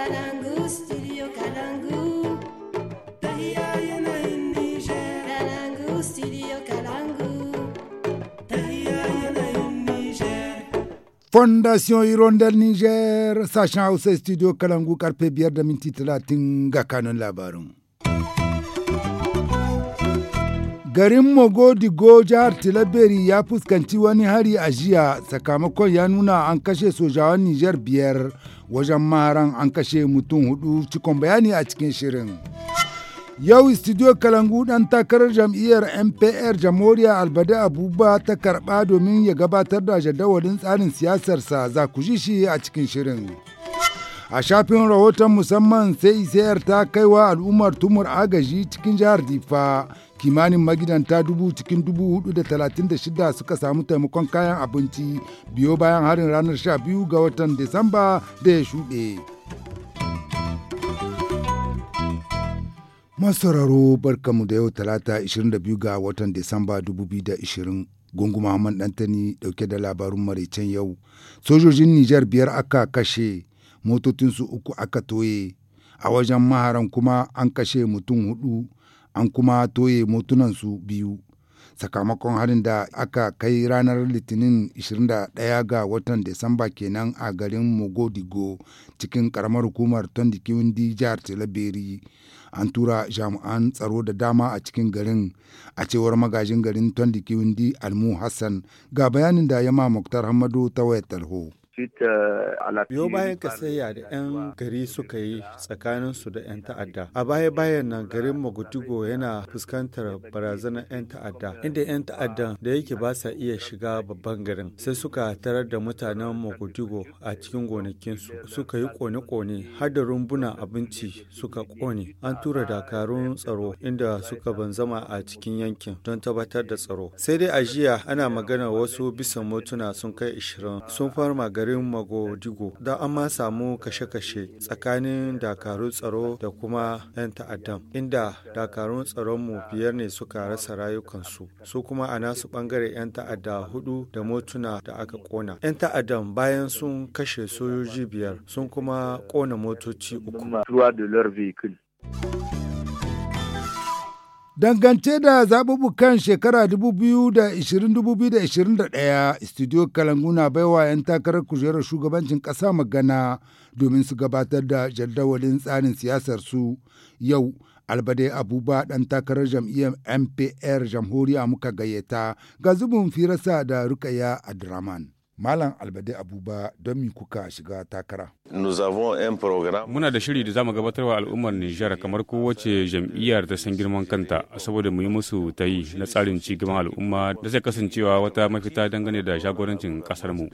Kalangu, studio Kalangu. studio Kalangu. Fondation Hirondelle Niger, sashen Hausa studio Kalangu karfe biyar da minti talatin ga kanun labarin. garin mogodigo jihar tilaberi ya fuskanci wani hari a jiya sakamakon ya nuna an kashe sojawan nijar biyar wajen maran an kashe mutum hudu cikon bayani a cikin shirin. Yau studio Kalangu ɗan takarar jam'iyyar NPR Jamhuriya Albada Abuba ta karɓa domin ya gabatar da jadawalin tsarin siyasarsa za ku ji shi a cikin shirin. A shafin rahoton musamman sai ta kaiwa al'ummar tumur agaji cikin jihar Difa kimanin magidanta dubu cikin dubu hudu da talatin da shida suka samu taimakon kayan abinci biyo bayan harin ranar sha biyu ga watan Disamba da ya shuɗe. Masararo barkamu da yau talata 22 ga watan Disamba 2020. Gungu Muhammad Dantani dauke da labarun maraicen yau. Sojojin Nijar biyar aka kashe, motocinsu uku aka toye. A wajen maharan kuma an kashe mutum hudu an kuma toye motunansu biyu sakamakon harin da aka kai ranar litinin 21 ga watan Desamba kenan a garin Mogodigo cikin karamar hukumar Tondikiwindi jihar Talabiri. An tura jami'an tsaro da dama a cikin garin a cewar magajin garin Tondikiwindi Almu Hassan ga bayanin da ya ma Muktar Hamadu ta wayar tarho. yo bayan ka kasayya da 'yan gari suka yi tsakanin su da 'yan ta'adda. A baya-bayan nan garin Magudugo yana fuskantar barazanar 'yan ta'adda, inda 'yan ta'addan da yake ba sa iya shiga babban garin. Sai suka tarar da mutanen Magudugo a cikin gonakinsu, suka yi kone-kone har da rumbunan abinci suka kone. An tura dakarun tsaro inda suka banzama a cikin yankin don tabbatar da tsaro. Sai dai a jiya ana magana wasu bisa motuna sun kai 20 sun fara garin garin Magodigo da an ma samu kashe-kashe tsakanin dakarun tsaro da kuma 'yan ta'addan inda dakarun mu biyar ne suka rasa rayukansu su kuma a nasu bangare 'yan ta'adda hudu da motuna da aka kona 'yan ta'addan bayan sun kashe sojoji biyar sun kuma kona motoci uku. Dangance da zaɓuɓɓukan shekara 2020-2021, Studio Kalanguna baiwa 'yan takarar kujerar shugabancin ƙasa magana domin su gabatar da jadawalin tsarin siyasar su yau. Albade Abuba ɗan takarar jam'iyyar MPR jamhuriya muka gayyata ga zubin firasa da Rukaya Draman. Malam Albade Abuba don mi kuka shiga takara. Muna da shiri da zamu wa al'ummar Nijar kamar kowace jam'iyyar ta san girman kanta saboda mu yi musu ta yi na tsarin ci gaban al'umma da zai kasancewa wata mafita dangane da jagorancin kasar mu.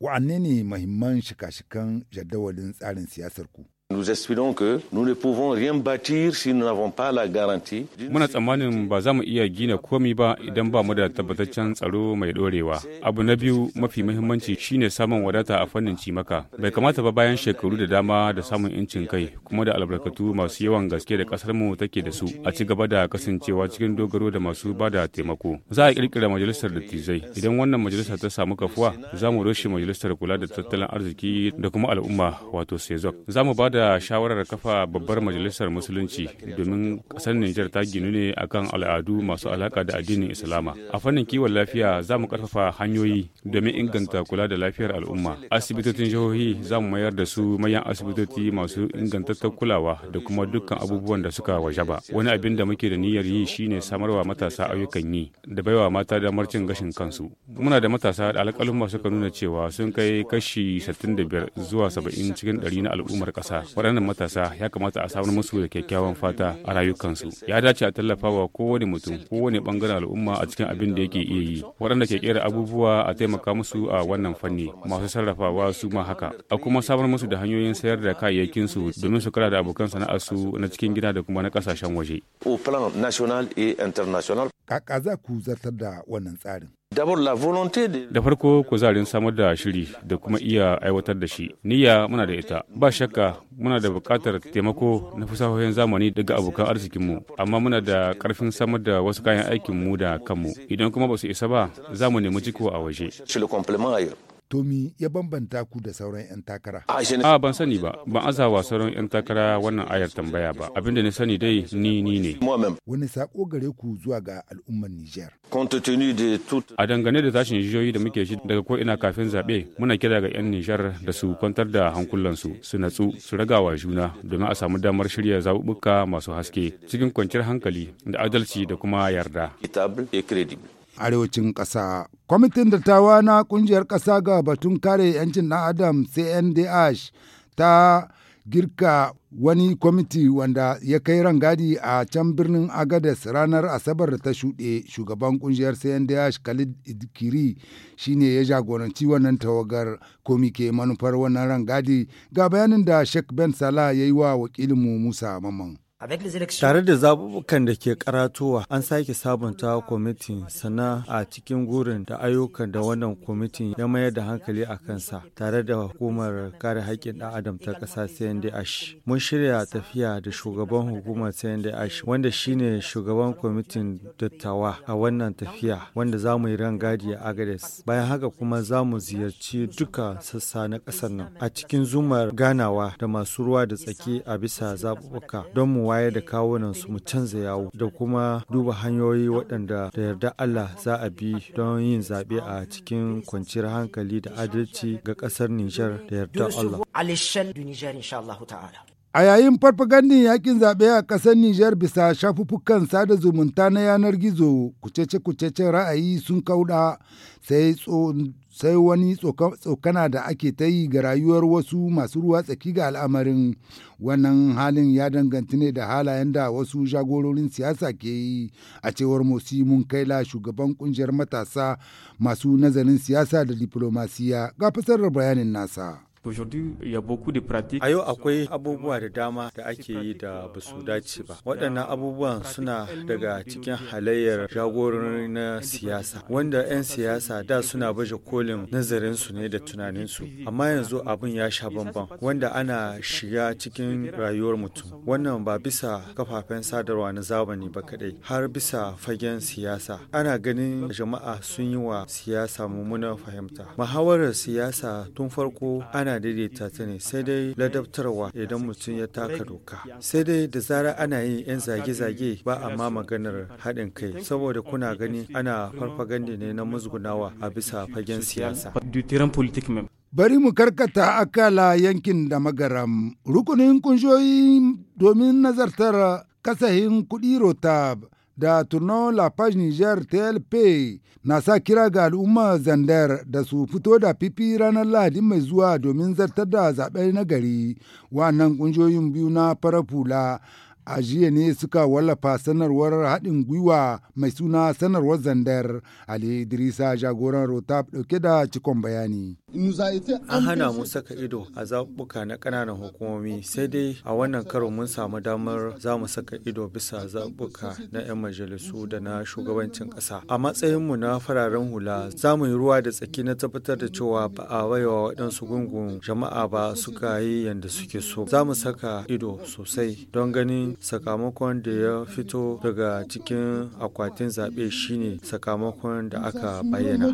Wa'anne ne mahimman shika-shikan jadawalin tsarin siyasar ku? Nous espérons que nous ne pouvons rien bâtir si nous n'avons pas la garantie. Muna tsammanin ba za mu iya gina komi ba idan ba mu da tabbataccen tsaro mai dorewa. Abu na biyu mafi muhimmanci shine samun wadata a fannin cimaka. Bai kamata ba bayan shekaru da dama da samun incin kai kuma da albarkatu masu yawan gaske da kasar mu take da su a ci gaba da kasancewa cikin dogaro da masu ba da taimako. Za a kirkira majalisar dattijai idan wannan majalisar ta samu kafuwa za mu rushe majalisar kula da tattalin arziki da kuma al'umma wato sezok. Za mu ba da da shawarar kafa babbar majalisar musulunci domin ƙasar Nijar ta ginu ne kan al'adu masu alaka da addinin Islama. A fannin kiwon lafiya za mu ƙarfafa hanyoyi domin inganta kula da lafiyar al'umma. Asibitocin jihohi za mu mayar da su mayan asibitoci masu ingantattar kulawa da kuma dukkan abubuwan da suka wajaba. Wani abin da muke da niyyar yi shine samarwa matasa ayyukan yi da baiwa mata damar cin gashin kansu. Muna da matasa da alƙalumma suka nuna cewa sun kai kashi 65 zuwa 70 cikin 100 na al'ummar ƙasa waɗannan matasa ya kamata a samar musu da kyakkyawan fata a rayukansu ya dace a tallafa wa kowane mutum kowane bangaren al'umma a cikin abin da yake iya yi waɗanda ke kera abubuwa a taimaka musu a wannan fanni masu sarrafawa su ma haka a kuma samar musu da hanyoyin sayar da kayayyakin su domin su kara da abokan sana'arsu na cikin gida da kuma na kasashen waje. Au plan national et international. Kaka za ku zartar da wannan tsarin. Da farko kuzarin samar da shiri da kuma iya aiwatar da shi. Niyya muna da ita. Ba shakka muna da buƙatar taimako na fasahohin zamani daga abokan arzikinmu, amma muna da ƙarfin samar da wasu kayan aikin mu da kanmu. Idan kuma ba su isa ba, za mu nemi jiko a waje. Tomi ya bambanta ku da sauran 'yan takara. A ban sani ba, ban azawa sauran 'yan takara wannan ayar tambaya ba. Abinda na sani dai ni ni ne. Wani sako gare ku zuwa ga al'ummar Nijar. A dangane da tashin jijiyoyi da muke shi daga ko ina kafin zaɓe, muna kira ga 'yan Nijar da su kwantar da hankulansu, su natsu, su ragawa juna domin a samu damar shirya zaɓuɓɓuka masu haske cikin kwanciyar hankali da adalci da kuma yarda. arewacin ƙasa. Kwamitin dattawa na ƙungiyar ƙasa ga batun kare 'yancin ɗan Adam CNDH ta girka wani kwamiti wanda ya kai rangadi a can birnin agades ranar asabar da ta shuɗe shugaban kungiyar cndh khalid idkiri shine ya jagoranci wannan tawagar komi ke manufar wannan rangadi ga bayanin da sheikh ben salah ya yi wa wakilinmu musa maman Tare da zaɓuɓɓukan da ke karatowa an sake sabunta kwamitin sana a cikin gurin da ayyukan da wannan kwamitin ya mayar da hankali a kansa tare da hukumar kare haƙƙin ɗan adam ta ƙasa CNDH. Mun shirya tafiya da shugaban hukumar CNDH wanda shine shugaban kwamitin dattawa a wannan tafiya wanda za mu yi rangadi a Agades. Bayan haka kuma za mu ziyarci duka sassa na ƙasar nan a cikin zumar ganawa da masu ruwa da tsaki a bisa zaɓuɓɓuka don mu wayar da kawunan su mu canza yawo da kuma duba hanyoyi waɗanda da yarda Allah za a bi don yin zaɓe a cikin kwanciyar hankali da adalci ga ƙasar Nijar da yarda Allah. A yayin farfagandin yakin zaɓe a ƙasar Nijar bisa shafuffukan sada zumunta na yanar gizo kucece-kucecen ra'ayi sun kauɗa sai sai wani tsokana da ake ta yi ga rayuwar wasu masu ruwa tsaki ga al'amarin wannan halin ya danganta ne da halayen da wasu jagororin siyasa ke yi a cewar mosi mun kaila shugaban kungiyar matasa masu nazarin siyasa da diplomasiya ga fasarar bayanin nasa. A yau akwai abubuwa da dama da ake yi da ba su dace ba. Waɗannan abubuwan suna daga cikin halayyar jagorori na siyasa, wanda 'yan siyasa da suna baje kolin nazarinsu ne da tunaninsu. Amma yanzu abin ya sha bamban, wanda ana shiga cikin rayuwar mutum. Wannan ba bisa kafafen sadarwa na zamani ba kaɗai, har bisa fagen siyasa. Ana ganin jama'a sun yi wa siyasa mummunan fahimta. Muhawarar siyasa tun farko ana ana daidaita ta ne sai dai ladabtarwa idan mutum ya taka doka sai dai da zara ana yin 'yan zage-zage ba a ma maganar haɗin kai saboda kuna gani ana farfaganda ne na musgunawa a bisa fagen siyasa bari mu karkata akala yankin da magaram rukunin kunshoyi domin nazartar kasahin kuɗi rotab da turno La Page Niger TLP na sa kira ga al'ummar Zandar da su fito da fifi ranar Lahadi mai zuwa domin zartar da zaɓe nagari gari. Wannan ƙungiyoyin biyu na farar hula a jiya ne suka wallafa sanarwar haɗin gwiwa mai suna sanarwar zandar ali idrisa jagoran rotap ɗauke da cikon bayani an hana mu saka ido a zaɓuka na ƙananan hukumomi sai dai a wannan karo mun samu damar za mu saka ido bisa zaɓuka na 'yan majalisu da na shugabancin ƙasa a matsayinmu na fararen hula za mu yi ruwa da tsaki na tabbatar da cewa ba a wayewa waɗansu gungun jama'a ba suka yi yadda suke so za mu saka ido sosai don ganin sakamakon da ya fito daga cikin akwatin zaɓe shine sakamakon da aka bayyana.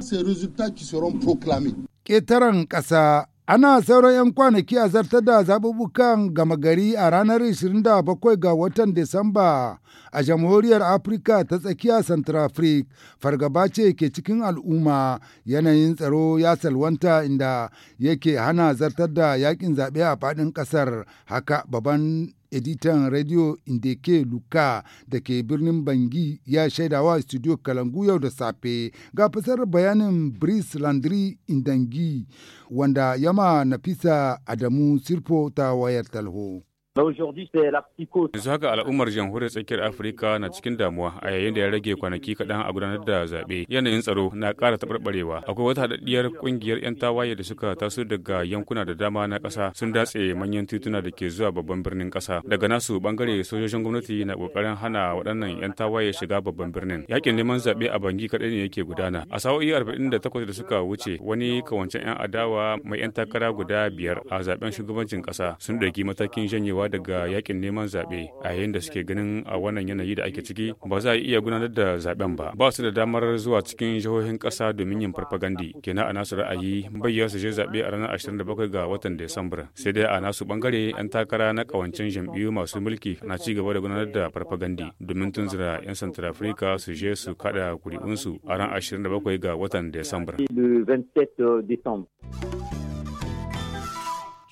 Ƙetaren ƙasa ana sauran 'yan kwanaki a zartar da zaɓuɓɓukan gama gari a ranar 27 ga watan Disamba a jamhuriyar Afirka ta tsakiya Centrafrique, fargaba ce ke cikin al'umma yanayin tsaro ya salwanta inda yake hana zartar da yakin zaɓe a faɗin ƙasar haka baban editan radio indeke luka da ke birnin bangi ya shaidawa studio kalangu yau da safe ga fasar bayanin brice landry indangi wanda yama nafisa adamu sirpo ta wayar talho Yanzu haka al'ummar jamhuriyar tsakiyar Afirka na cikin damuwa a yayin da ya rage kwanaki kaɗan a gudanar da zaɓe. Yanayin tsaro na ƙara taɓarɓarewa. Akwai wata haɗaɗɗiyar ƙungiyar 'yan tawaye da suka taso daga yankuna da dama na ƙasa sun datse manyan tituna da ke zuwa babban birnin ƙasa. Daga nasu ɓangare sojojin gwamnati na ƙoƙarin hana waɗannan 'yan tawaye shiga babban birnin. Yaƙin neman zaɓe a Bangi kaɗai ne yake gudana. A sa'o'i arba'in da takwas da suka wuce wani kawancen 'yan adawa mai 'yan takara guda biyar a zaɓen shugabancin ƙasa sun ɗauki matakin janyewa daga yakin neman zaɓe a yayin da suke ganin a wannan yanayi da ake ciki ba za a iya gudanar da zaben ba ba su da damar zuwa cikin jihohin ƙasa domin yin farfagandi kenan a nasu ra'ayi bayyana su je zaɓe a ranar 27 ga watan Desambra sai dai a nasu bangare 'yan takara na ƙawancen jam'iyyu masu mulki na ci gaba da gudanar da farfagandi domin tunzura 'yan Central Africa su je su kada kuri'unsu a ran 27 ga watan Desambra.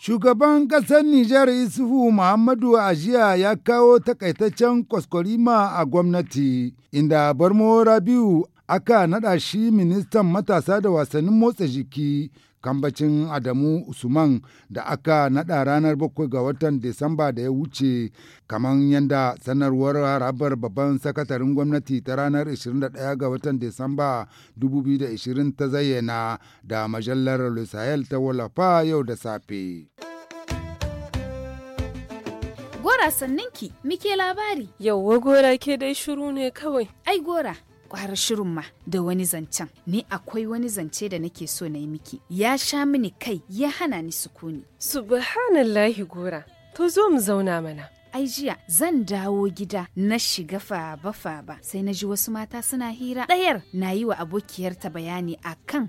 Shugaban ƙasar Nijar Isufu Muhammadu a jiya ya kawo takaitaccen kwaskwarima a gwamnati, inda Barmo Rabiu aka naɗa shi ministan matasa da wasannin motsa jiki kambacin Adamu Usman da aka nada ranar bakwai ga watan Desamba da ya wuce kamar yadda sanarwar harabar babban sakatarin gwamnati ta ranar 21 ga watan Desamba 2020 ta zayyana da majalar Lusayel ta wallafa yau da safe. Gora sanninki, muke labari. Yauwa gora ke dai shiru ne kawai. Ai gora, kwara shirin ma da wani zancen ni akwai wani zance da nake so na yi miki ya sha mini kai ya hana ni sukuni subhanallahi gora to zo mu zauna mana ai jiya zan dawo gida na shiga faba-faba sai na ji wasu mata suna hira ɗayar na yi wa abokiyarta bayani akan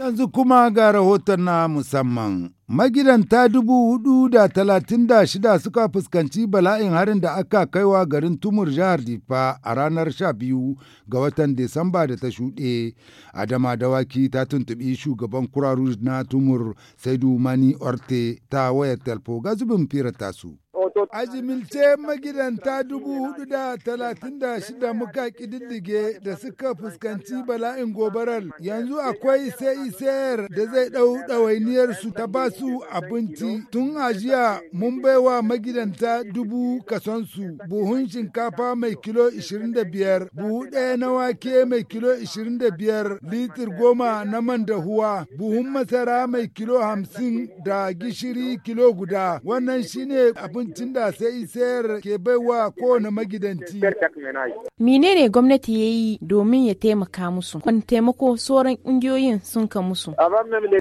Yanzu kuma ga rahoton na musamman. Magidanta dubu hudu da talatin da shida suka fuskanci bala'in harin da aka kaiwa garin Tumur jihar Difa a ranar sha biyu ga watan Disamba da ta shuɗe. Adama Dawaki ta tuntuɓi shugaban kuraru na Tumur Saidu Mani Orte ta wayar talfo ga zubin fira tasu. Ajimilce magidanta dubu hudu da talatin da shida muka kididdige da suka fuskanci bala'in gobarar yanzu akwai sai sayar da zai dau ɗawainiyar su ta ba su abinci tun a jiya, mun bai baiwa magidanta dubu su buhun shinkafa mai kilo 25 buhu ɗaya na wake mai kilo 25 litir goma na man da huwa. buhun masara mai kilo 50 da gishiri kilo guda wannan shine abinci lokacin da sai sayar ke baiwa kowane magidanci. Menene gwamnati ya yi domin ya taimaka musu? Wani taimako sauran ƙungiyoyin sun ka musu?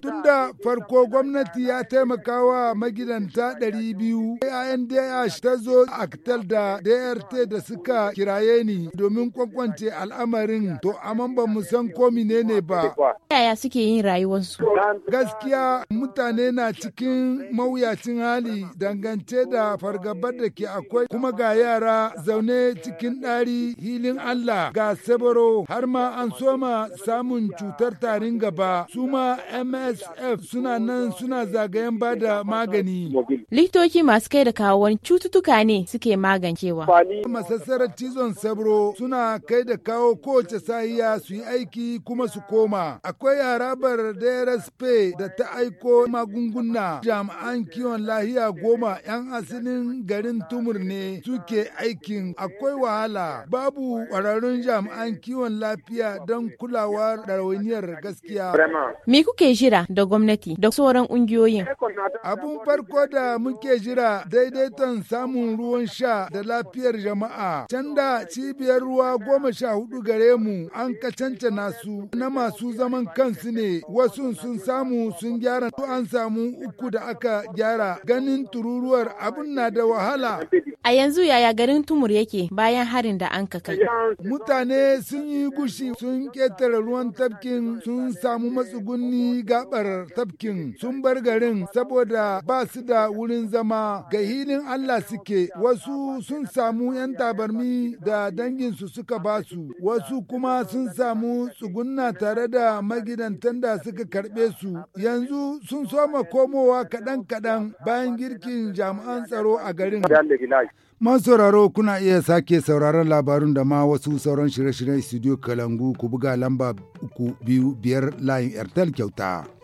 Tun da farko gwamnati ya taimaka wa magidanta ɗari biyu. ANDH ta zo Aktal da DRT da suka kiraye ni domin kwakwance al'amarin to amman ba mu san ko menene ba. Yaya suke yin rayuwarsu? Gaskiya mutane na cikin mawuyacin hali dangance da fargabar da ke akwai kuma ga yara zaune cikin ɗari hilin Allah ga sabaro har ma an soma samun cutar tarin gaba su ma MSF suna nan suna zagayen ba da magani. Likitoci masu kai da kawo cututtuka ne suke magancewa. Masassarar cizon sabro suna kai da kawo kowace sahiya su yi aiki kuma su koma. Akwai yara bar da ta aiko magunguna jami'an kiwon lahiya goma 'yan asalin 'yan garin tumur ne suke aikin akwai wahala babu ƙwararrun jami'an kiwon lafiya don kulawa da ɗawainiyar gaskiya. Me kuke jira da gwamnati da sauran ƙungiyoyin? Abun farko da muke jira daidaiton samun ruwan sha da lafiyar jama'a. Can da cibiyar ruwa goma sha hudu gare mu an ka cancana su na masu zaman kansu ne wasu sun samu sun gyara an samu uku da aka gyara ganin tururuwar abun na da wahala. A yanzu yaya garin Tumur yake bayan harin da an kai? Mutane sun yi gushi sun ƙetare ruwan tafkin sun samu matsugunni gabar tafkin sun bar garin saboda ba su da wurin zama ga hinin Allah suke wasu sun samu 'yan tabarmi da danginsu suka ba su wasu kuma sun samu tsugunna tare da magidantan da suka karɓe su yanzu sun soma komowa kaɗan-kaɗan bayan girkin jami'an tsaro a garin. Man sauraro kuna iya sake sauraron labarun da ma wasu sauran shirye-shiryen studio Kalangu ku buga lamba uku biyu biyar layin Airtel kyauta.